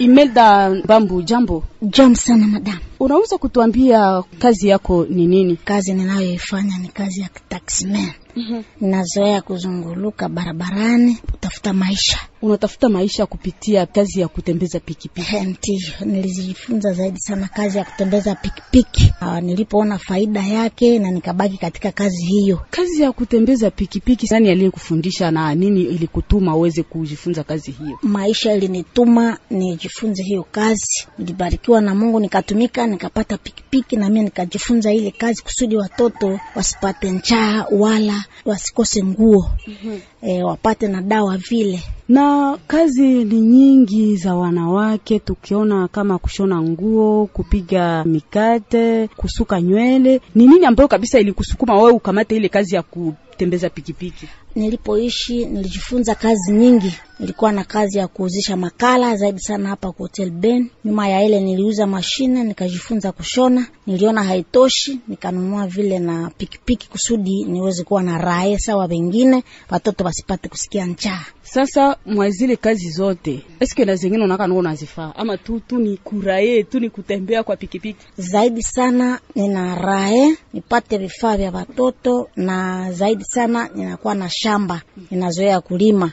Imelda Bambu, jambo. Jambo sana madam. Unaweza kutuambia kazi yako ni nini? Kazi ninayoifanya ni kazi ya taximan. Mm -hmm. Nazoea kuzunguluka barabarani kutafuta maisha unatafuta maisha kupitia kazi ya kutembeza pikipiki? ndio nilijifunza zaidi sana kazi ya kutembeza pikipiki ah, nilipoona faida yake na nikabaki katika kazi hiyo. Kazi ya kutembeza pikipiki, nani aliyekufundisha na nini ilikutuma uweze kujifunza kazi hiyo? Maisha ilinituma nijifunze hiyo kazi, nilibarikiwa na Mungu nikatumika, nikapata pikipiki na mimi nikajifunza ile kazi kusudi watoto wasipate njaa wala wasikose nguo. mm -hmm e, wapate na dawa vile. Na kazi ni nyingi za wanawake, tukiona kama kushona nguo, kupiga mikate, kusuka nywele. Ni nini ambayo kabisa ilikusukuma wewe ukamate ile kazi ya ku kutembeza pikipiki. Nilipoishi nilijifunza kazi nyingi. Nilikuwa na kazi ya kuuzisha makala zaidi sana hapa kwa Hotel Ben. Nyuma ya ile niliuza mashine, nikajifunza kushona. Niliona haitoshi, nikanunua vile na pikipiki kusudi niweze kuwa na raha sawa, wengine watoto wasipate kusikia njaa. Sasa mwa zile kazi zote eske na zengine unaona unazifaa ama tu tu ni kuraye tu ni kutembea kwa pikipiki zaidi sana. Nina rae nipate vifaa vya watoto na zaidi sana ninakuwa na shamba, ninazoea kulima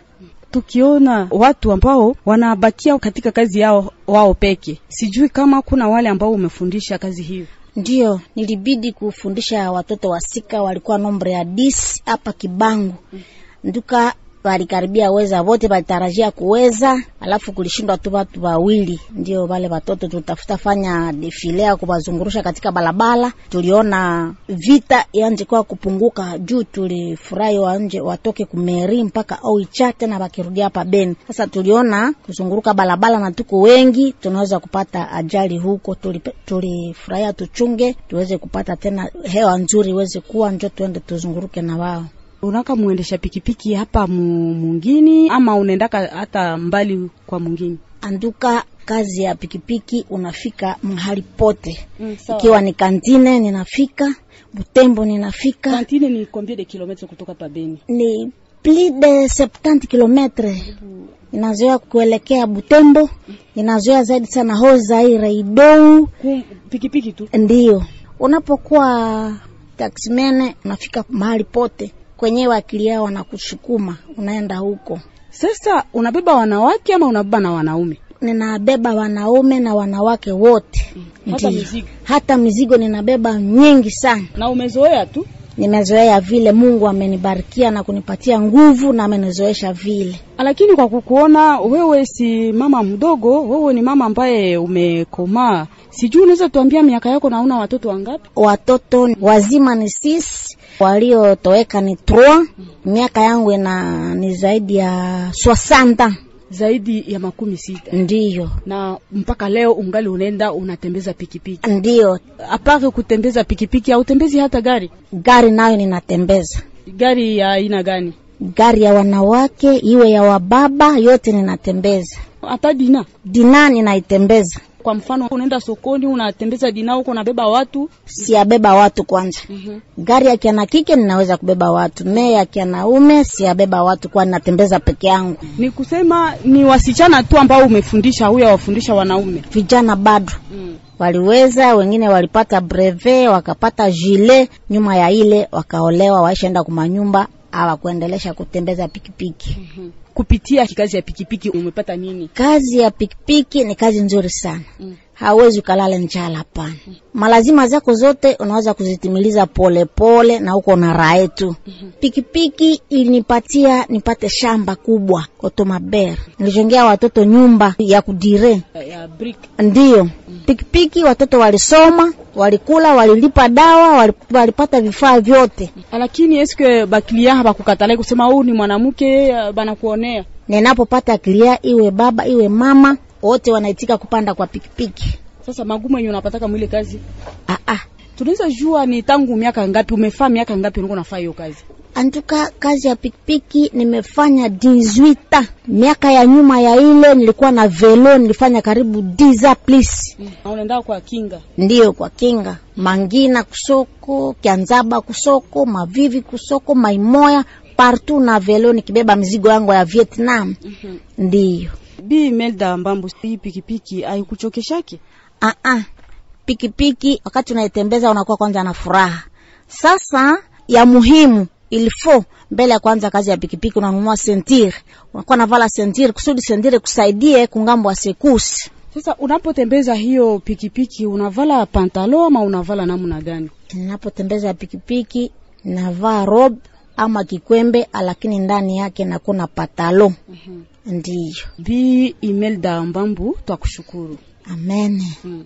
tukiona watu ambao wanabakia katika kazi yao wao peke. Sijui kama kuna wale ambao umefundisha kazi hiyo. ndio nilibidi kufundisha watoto wasika, walikuwa nombre ya dis hapa Kibangu nduka Balikaribia weza wote, balitarajia kuweza, alafu kulishindwa tu watu wawili, ndio wale watoto tutafuta fanya defilea kuwazungurusha katika balabala. Tuliona vita yanje kwa kupunguka juu, tulifurahi wanje watoke kumeri mpaka au ichate na bakirudia hapa Beni. Sasa tuliona kuzunguruka balabala na tuko wengi, tunaweza kupata ajali huko. Tulifurahia tuchunge, tuweze kupata tena hewa nzuri, iweze kuwa njo tuende tuzunguruke na wao unaka muendesha pikipiki hapa mungini ama unaendaka hata mbali kwa mungini? Anduka kazi ya pikipiki unafika mahali pote mm, Ikiwa ni kantine ninafika Butembo ninafika. Kantine ni combien de kilometre kutoka pabeni Ni plus de 70 kilometre mm. Inazoea kuelekea Butembo, inazoea zaidi sana ho Zaire idou pikipiki tu. Ndio unapokuwa taksimene unafika mahali pote kwenyewe akili yao wanakusukuma unaenda huko. Sasa unabeba wanawake ama unabeba na wanaume? Ninabeba wanaume na wanawake wote. Hmm. Hata mizigo, hata mizigo ninabeba nyingi sana. Na umezoea tu nimezoea vile. Mungu amenibarikia na kunipatia nguvu na amenizoesha vile. Lakini kwa kukuona wewe si mama mdogo, wewe ni mama ambaye umekomaa, sijui unaweza tuambia miaka yako na una watoto wangapi? Watoto wazima ni sisi, waliotoweka ni trois. Miaka yangu ina ni zaidi ya swasanta zaidi ya makumi sita ndiyo, na mpaka leo ungali unaenda unatembeza pikipiki? Ndiyo. Apart kutembeza pikipiki, hautembezi hata gari? Gari nayo ninatembeza. Gari ya aina gani? Gari ya wanawake iwe ya wababa, yote ninatembeza hata dina dina ninaitembeza kwa mfano unaenda sokoni unatembeza dina huko unabeba watu, siabeba watu kwanza. mm -hmm. Gari ya kiana kike ninaweza kubeba watu, me ya kianaume siabeba watu, kwa natembeza peke yangu. Ni kusema ni wasichana tu ambao umefundisha, huyo awafundisha wanaume vijana bado. mm. Waliweza wengine walipata breve wakapata jile, nyuma ya ile wakaolewa, waishaenda kumanyumba awakuendelesha kutembeza pikipiki mm -hmm kupitia kazi ya pikipiki umepata nini? Kazi ya pikipiki ni kazi nzuri sana mm hawezi ukalala njala, hapana. Malazima zako zote unaweza kuzitimiliza polepole pole, na huko na rae tu. Pikipiki ilinipatia nipate shamba kubwa Kotomaber, nilijengea watoto nyumba ya kudire ya brick. Ndiyo pikipiki, watoto walisoma, walikula, walilipa dawa, walipata vifaa vyote. Lakini eske bakilia hapakukatala kusema huu oh, ni mwanamke, banakuonea. Ninapopata kilia, iwe baba iwe mama wote wanaitika kupanda kwa pikipiki. Sasa magumu yenye unapataka mwile kazi ah, ah. Tunaweza jua ni tangu miaka ngapi umefaa, miaka ngapi unakuwa nafaa hiyo kazi? Antuka kazi ya pikipiki nimefanya 18 miaka ya nyuma ya ile nilikuwa na velo, nilifanya karibu 10 plus. Mm. Unaenda kwa kinga? Ndio, kwa kinga Mangina kusoko, Kianzaba kusoko, Mavivi kusoko, Maimoya partout na velo nikibeba mizigo yangu ya Vietnam. mm -hmm. Ndio. Bi Melda Mbambu, hii pikipiki haikuchokeshaki? Ah ah. Pikipiki wakati unaitembeza unakuwa kwanza na furaha. Sasa ya muhimu ilifo mbele ya kwanza kazi ya pikipiki unanunua sentir. Unakuwa navala sentir kusudi sentire kusaidie kungambo wa sekusi. Sasa unapotembeza hiyo pikipiki unavala pantalo ama unavala namna gani? Ninapotembeza pikipiki navaa robe ama kikwembe, lakini ndani yake nakuna patalo. Mm -hmm. Ndiyo, Bi Imelda Mbambu, twakushukuru. Amen. Hmm.